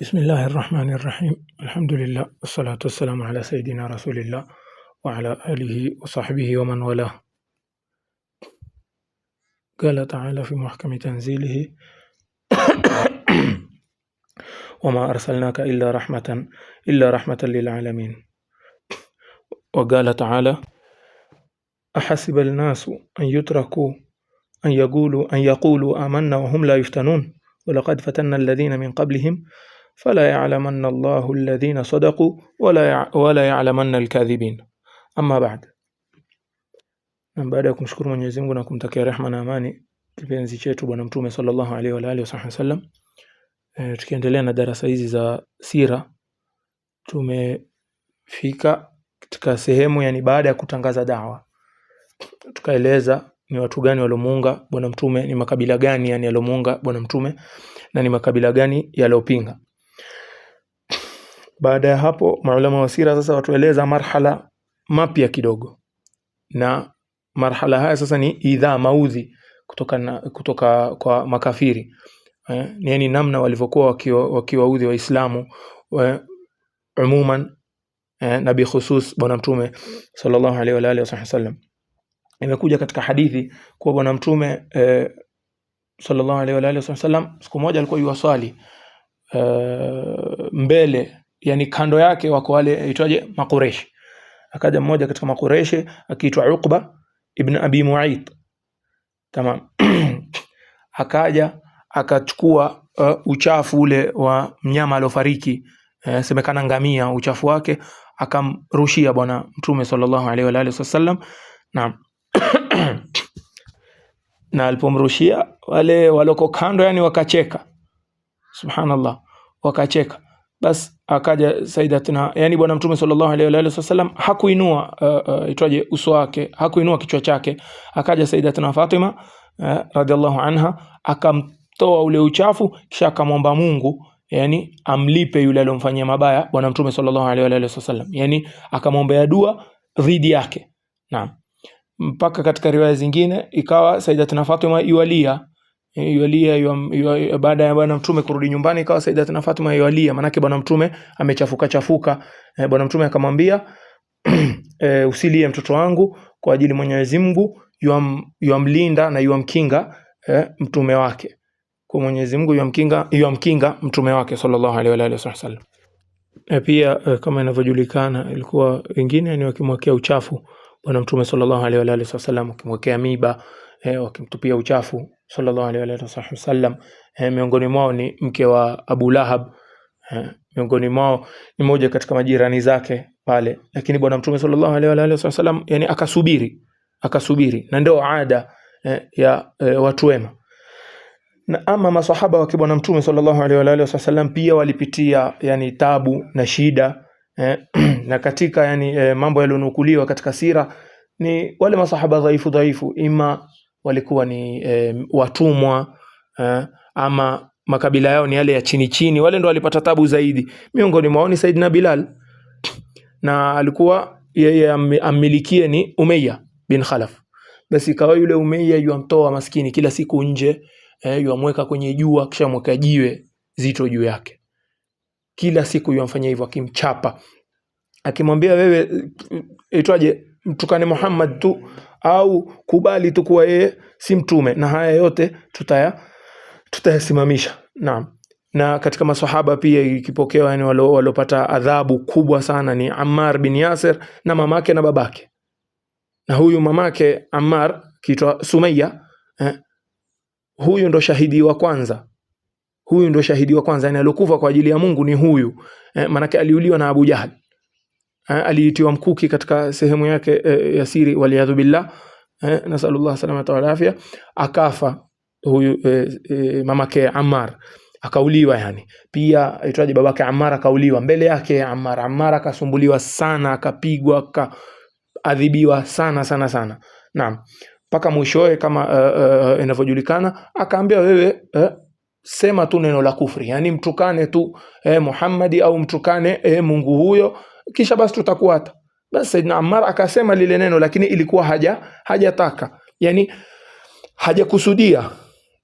بسم الله الرحمن الرحيم الحمد لله والصلاة والسلام على سيدنا رسول الله وعلى آله وصحبه ومن والاه قال تعالى في محكم تنزيله وما أرسلناك إلا رحمة إلا رحمة للعالمين وقال تعالى أحسب الناس أن يتركوا أن يقولوا أن يقولوا آمنا وهم لا يفتنون ولقد فتنا الذين من قبلهم fala ya'lamanna Allahu alladhina sadaqu wala ya'lamanna alkadhibin. Amma ba'd, na baada ya kumshukuru Mwenyezi Mungu na kumtakia rehma na amani kipenzi chetu Bwana Mtume sallallahu alaihi wa alihi wasallam, e, tukiendelea na darasa hizi za sira, tumefika katika sehemu yani baada ya kutangaza dawa, tukaeleza ni watu gani waliomuunga Bwana Mtume, ni makabila gani yani yaliomuunga Bwana Mtume na ni makabila gani yaliopinga. Baada ya hapo maulama wa sira sasa watueleza marhala mapya kidogo, na marhala haya sasa ni idhaa maudhi kutoka, na, kutoka kwa makafiri eh, yani namna walivyokuwa wakiwaudhi Waislamu wa eh, umuman eh, na bikhusus Bwana Mtume sallallahu alaihi wa alihi wasallam. Imekuja katika hadithi kuwa Bwana Mtume eh, sallallahu alaihi wa alihi wasallam siku moja alikuwa yuwaswali eh, mbele yani kando yake wako wale aitwaje makureshi akaja mmoja katika makureshi akiitwa Uqba ibn Abi Mu'ayth tamam akaja akachukua uh, uchafu ule wa mnyama aliofariki uh, semekana ngamia uchafu wake akamrushia bwana mtume sallallahu alaihi wa alihi wasallam naam na alipomrushia wale waloko kando yani wakacheka subhanallah wakacheka basi akaja Saidatna, yani bwana mtume sallallahu alaihi wa alihi wasallam hakuinua uh, uh, itwaje uso wake, hakuinua kichwa chake. Akaja Saidatna Fatima uh, radhiallahu anha akamtoa ule uchafu, kisha akamwomba Mungu yani amlipe yule aliyomfanyia mabaya bwana mtume sallallahu alaihi wa alihi wasallam, yani akamwombea dua dhidi yake. Naam, mpaka katika riwaya zingine ikawa Saidatna Fatima iwalia yualia yu, baada ya bwana mtume kurudi nyumbani ikawa Sayyidatina Fatima yualia, manake bwana mtume amechafuka chafuka. E, bwana mtume akamwambia e, usilie mtoto wangu kwa ajili Mwenyezi Mungu yuamlinda yuam na yuamkinga e, mtume wake kwa Mwenyezi Mungu yuamkinga yuamkinga mtume wake sallallahu alaihi wa alihi wasallam. E, pia e, kama inavyojulikana ilikuwa wengine ni wakimwekea uchafu bwana mtume sallallahu alaihi wa alihi wasallam, wakimwekea miba e, wakimtupia uchafu sallallahu alaihi wa wasallam e, eh, miongoni mwao ni mke wa Abu Lahab e, miongoni mwao ni moja katika majirani zake pale, lakini bwana mtume sallallahu alaihi wa wasallam yani akasubiri akasubiri, na ndio ada e, ya e, watu wema. Na ama masahaba wa bwana mtume sallallahu alaihi wa wasallam pia walipitia yani tabu na shida eh, na katika yani eh, mambo yaliyonukuliwa katika sira ni wale masahaba dhaifu dhaifu, ima walikuwa ni e, watumwa eh, ama makabila yao ni yale ya chini chini, wale ndo walipata tabu zaidi. Miongoni mwao ni Saidina Bilal na alikuwa yeye ammilikie ni Umayya bin Khalaf. Basi kawa yule Umayya yuamtoa maskini kila siku nje eh, yuamweka kwenye jua kisha mweka jiwe zito juu yake. Kila siku yuamfanyia hivyo, akimchapa, akimwambia wewe, itwaje, mtukane Muhammad tu au kubali tu kuwa yeye si mtume, na haya yote tutaya tutayasimamisha. Naam. Na katika maswahaba pia ikipokewa, yani waliopata adhabu kubwa sana ni Ammar bin Yasir na mamake na babake, na huyu mamake Ammar kiitwa Sumaya eh, huyu ndo shahidi wa kwanza huyu ndo shahidi wa kwanza, yani aliokufa kwa ajili ya Mungu ni huyu eh, maanake aliuliwa na Abu Jahal Eh, aliitiwa mkuki katika sehemu yake eh, ya siri waliadhu billah eh, nasalullah salamata wal afya akafa huyu eh, eh, mamake Ammar akauliwa yani pia aitwaje babake Ammar akauliwa mbele yake Ammar Ammar akasumbuliwa sana akapigwa akaadhibiwa sana sana sana naam mpaka mwishowe kama uh, uh, inavyojulikana akaambia wewe uh, sema tu neno la kufri yani mtukane tu uh, Muhammadi au mtukane uh, Mungu huyo kisha basi tutakuata. Basi saidna Ammar akasema lile neno, lakini ilikuwa haja hajataka, yani hajakusudia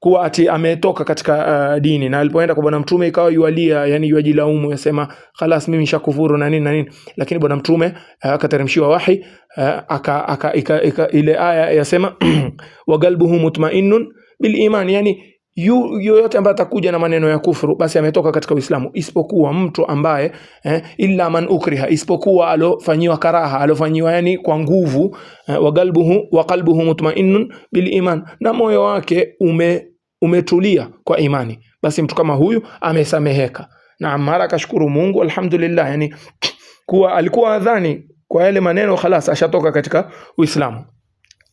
kuwa ati ametoka katika uh, dini. Na alipoenda kwa bwana mtume ikawa yualia, yani yuajilaumu, yasema khalas, mimi nishakufuru na nini na nini, lakini bwana mtume uh, akateremshiwa wahi uh, aka, aka, ika, ika, ile aya yasema wagalbuhu mutmainnun bil iman yani yu yoyote ambaye atakuja na maneno ya kufuru basi ametoka katika Uislamu, isipokuwa mtu ambaye eh, illa man ukriha, isipokuwa alofanyiwa karaha, alofanyiwa yani kwa nguvu eh, galbuhu, wa qalbuhu mutmainnun bil iman, na moyo wake ume, umetulia kwa imani, basi mtu kama huyu amesameheka na mara akashukuru Mungu, alhamdulillah. Yani kuwa alikuwa adhani kwa yale maneno, khalas ashatoka katika Uislamu.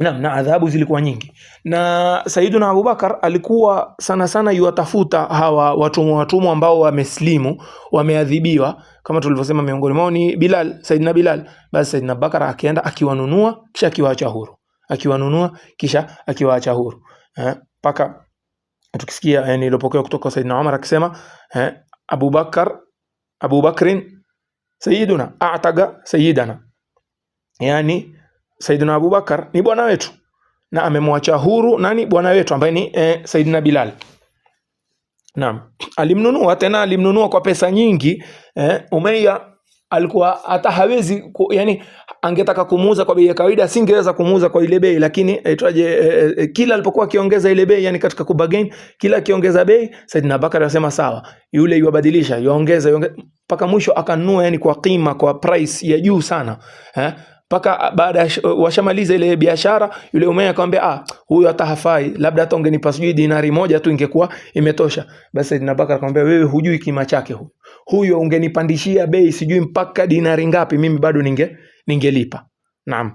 Naam, na adhabu zilikuwa nyingi, na Saiduna Abubakar alikuwa sana sana yuwatafuta hawa watumwa watumwa ambao wameslimu wameadhibiwa, kama tulivyosema, miongoni mwao ni Bilal, Saidina Bilal. Basi Saidina Abubakar akienda akiwanunua kisha akiwaacha huru, akiwanunua kisha akiwaacha huru mpaka eh, tukisikia, yani eh, iliyopokea kutoka Saidina Umar akisema eh, Abubakar Abubakrin sayiduna ataga sayidana, yani Saidina Abubakar ni bwana wetu na amemwacha huru nani bwana wetu ambaye ni eh, Saidina Bilal. Naam, alimnunua tena, alimnunua kwa pesa nyingi eh, Umeya alikuwa hata hawezi ku, yani angetaka kumuuza kwa bei ya kawaida asingeweza kumuuza kwa ile bei, lakini aitwaje eh, eh, eh, kila alipokuwa akiongeza ile bei, yani katika kubagain, kila akiongeza bei Saidina Abubakar anasema sawa, yule yubadilisha, yuongeza mpaka mwisho akanunua, yani kwa kima, kwa price ya juu sana eh? mpaka ah, baada uh, washamaliza ile biashara, yule umeya akamwambia, ah, huyu hata hafai, labda hata ungenipa sijui dinari moja tu ingekuwa imetosha. Basi Saidina Bakar akamwambia, wewe hujui kima chake huyu huyo, ungenipandishia bei sijui mpaka dinari ngapi, mimi bado ninge ningelipa. Naam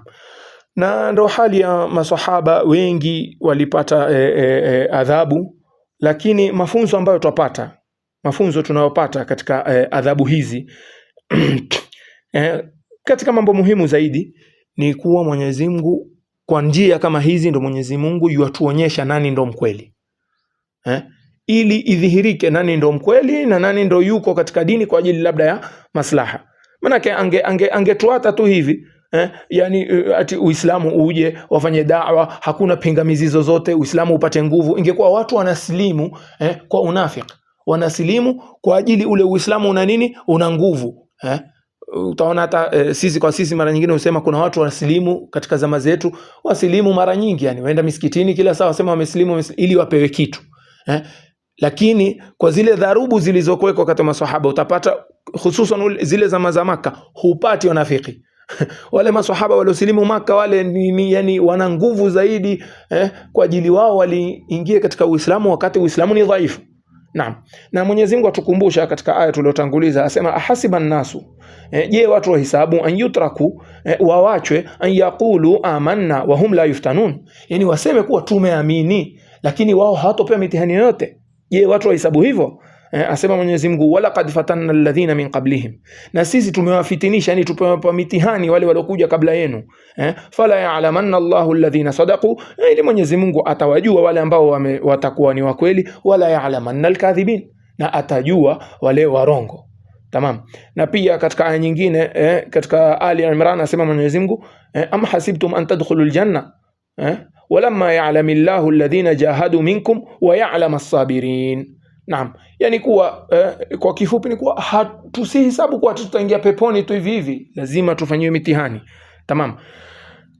na ndo hali ya masahaba wengi walipata e, e, e, adhabu, lakini mafunzo ambayo twapata, mafunzo tunayopata katika e, adhabu hizi e, katika mambo muhimu zaidi ni kuwa Mwenyezi Mungu kwa njia kama hizi ndo Mwenyezi Mungu yuatuonyesha nani ndo mkweli eh? ili idhihirike nani ndo mkweli na nani ndo yuko katika dini kwa ajili labda ya maslaha. Manake ange, ange, angetuata tu hivi eh? Yani eh, ati Uislamu uje wafanye dawa, hakuna pingamizi zozote, Uislamu upate nguvu, ingekuwa watu wanasilimu eh, kwa unafiki, wanasilimu kwa ajili ule Uislamu una nini, una nguvu eh? utaona hata e, sisi kwa sisi mara nyingine husema kuna watu wasilimu katika zama zetu, wasilimu mara nyingi, yani waenda misikitini kila saa wasema wamesilimu, ili wapewe kitu eh? Lakini kwa zile dharubu zilizokuwekwa kati ya maswahaba utapata hususan zile zama za Maka hupati wanafiki wale maswahaba waliosilimu Maka wale ni, ni, yani wana nguvu zaidi eh? Kwa ajili wao waliingia katika Uislamu wakati Uislamu ni dhaifu. Naam. Na Mwenyezi Mungu atukumbusha katika aya tuliyotanguliza asema ahasiba nnasu, e, je, e, watu wahisabu an yutraku e, wawachwe an yaqulu amanna wa hum la yuftanun, yani waseme kuwa tumeamini, lakini wao hawatopewa mitihani yoyote. Je, watu wahisabu hivyo? eh, asema Mwenyezi Mungu walaqad fatanna alladhina min qablihim, na sisi tumewafitinisha, yani tupewa mitihani wale waliokuja kabla yenu eh, fala ya'lamanna Allahu alladhina sadaqu, eh, ili Mwenyezi Mungu atawajua wale ambao watakuwa ni wakweli, wala ya'lamanna alkadhibin, na atajua wale warongo. Tamam. Na pia katika aya nyingine eh, katika Ali Imran asema Mwenyezi Mungu eh, am hasibtum an tadkhulul janna eh, walamma ya'lamillahu alladhina jahadu minkum wa ya'lamas sabirin Naam, yani kuwa eh, kwa kifupi ni kuwa tusihesabu kuwa tutaingia peponi tu hivi hivi, lazima tufanyiwe mitihani. Tamam.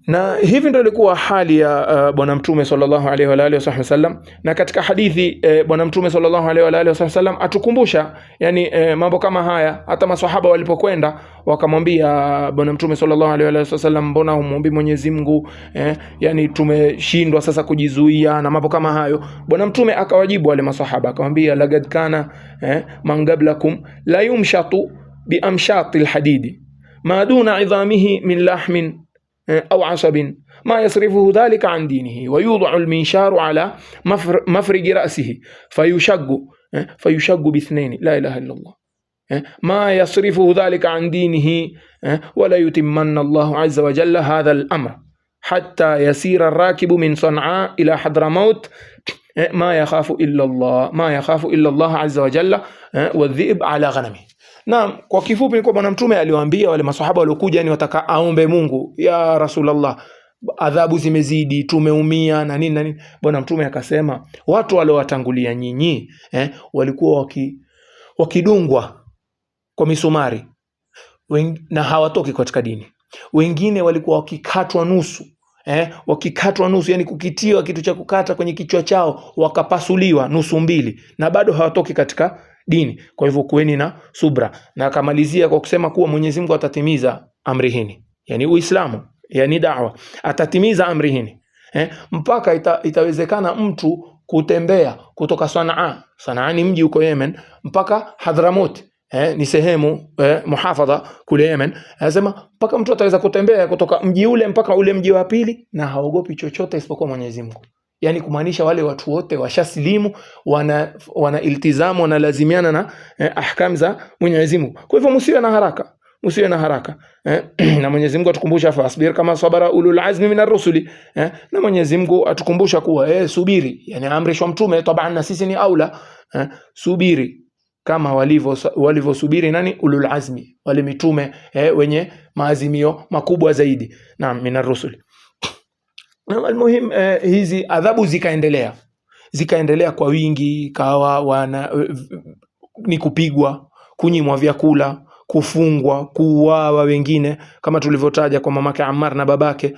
Na hivi ndio ilikuwa hali ya uh, Bwana Mtume sallallahu alaihi wa alihi wasallam. Na katika hadithi eh, Bwana Mtume sallallahu alaihi wa alihi wasallam atukumbusha yani eh, mambo kama haya. Hata maswahaba walipokwenda wakamwambia uh, Bwana Mtume sallallahu alaihi wa alihi wasallam, mbona humwombi Mwenyezi Mungu eh, yani tumeshindwa sasa kujizuia na mambo kama hayo. Bwana Mtume akawajibu wale maswahaba akamwambia, lagad kana eh, mangablakum la yumshatu biamshati lhadidi maduna idhamihi min lahmin آه، أو عصب ما يصرفه ذلك عن دينه ويوضع المنشار على مفرق رأسه فيشق آه، فيشق باثنين لا إله إلا الله آه، ما يصرفه ذلك عن دينه ولا يتمن الله عز وجل هذا الأمر حتى يسير الراكب من صنعاء إلى حضرموت ما يخاف إلا الله ما يخاف إلا الله عز وجل والذئب على غنمه Na kwa kifupi ni kwa Bwana Mtume aliwaambia wale maswahaba waliokuja ni wataka aombe Mungu, ya Rasulullah, adhabu zimezidi, tumeumia na nini na nini. Bwana Mtume akasema watu waliowatangulia nyinyi eh, walikuwa waki, wakidungwa kwa misumari na hawatoki katika dini. Wengine walikuwa wakikatwa nusu eh, wakikatwa nusu, yani kukitiwa kitu cha kukata kwenye kichwa chao, wakapasuliwa nusu mbili, na bado hawatoki katika dini. Kwa hivyo kuweni na subra, na akamalizia kwa kusema kuwa Mwenyezi Mungu atatimiza amri hini yani Uislamu, yani da'wa, atatimiza amri hini eh, mpaka ita, itawezekana mtu kutembea kutoka Sanaa, Sanaa ni mji uko Yemen, mpaka Hadramut eh, ni sehemu eh, muhafadha kule Yemen. Anasema mpaka mtu ataweza kutembea kutoka mji ule mpaka ule mji wa pili, na haogopi chochote isipokuwa Mwenyezi Mungu yani kumaanisha wale watu wote washasilimu wana, wana iltizamu wanalazimiana na eh, ahkam za Mwenyezi Mungu. Kwa hivyo msiwe na haraka msiwe na haraka eh, na Mwenyezi Mungu atukumbusha fasbir kama sabara ulul azmi minar rusuli eh, na Mwenyezi Mungu atukumbusha kuwa eh, subiri, yani amrishwa mtume taban, na sisi ni aula eh, subiri kama walivyo walivyosubiri nani ulul azmi wale mitume eh, wenye maazimio makubwa zaidi, na minar rusuli Almuhim, eh, hizi adhabu zikaendelea zikaendelea kwa wingi, kawa wana eh, ni kupigwa, kunyimwa vyakula, kufungwa, kuuawa wengine, kama tulivyotaja kwa mamake Ammar na babake.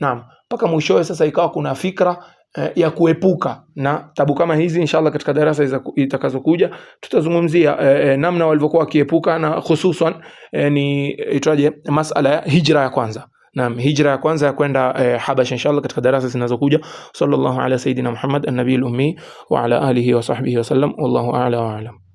Naam, mpaka mwishowe sasa ikawa kuna fikra eh, ya kuepuka na tabu kama hizi. Inshallah, katika darasa itakazokuja tutazungumzia eh, eh, namna walivyokuwa wakiepuka na hususan eh, ni itwaje, masala ya hijra ya kwanza. Naam, hijra ya kwanza ya kwenda eh, Habasha inshallah katika darasa zinazokuja. Sallallahu ala sayidina Muhammad an-nabiyil ummi wa ala alihi wa sahbihi wasallam. Wallahu a'la wa a'lam.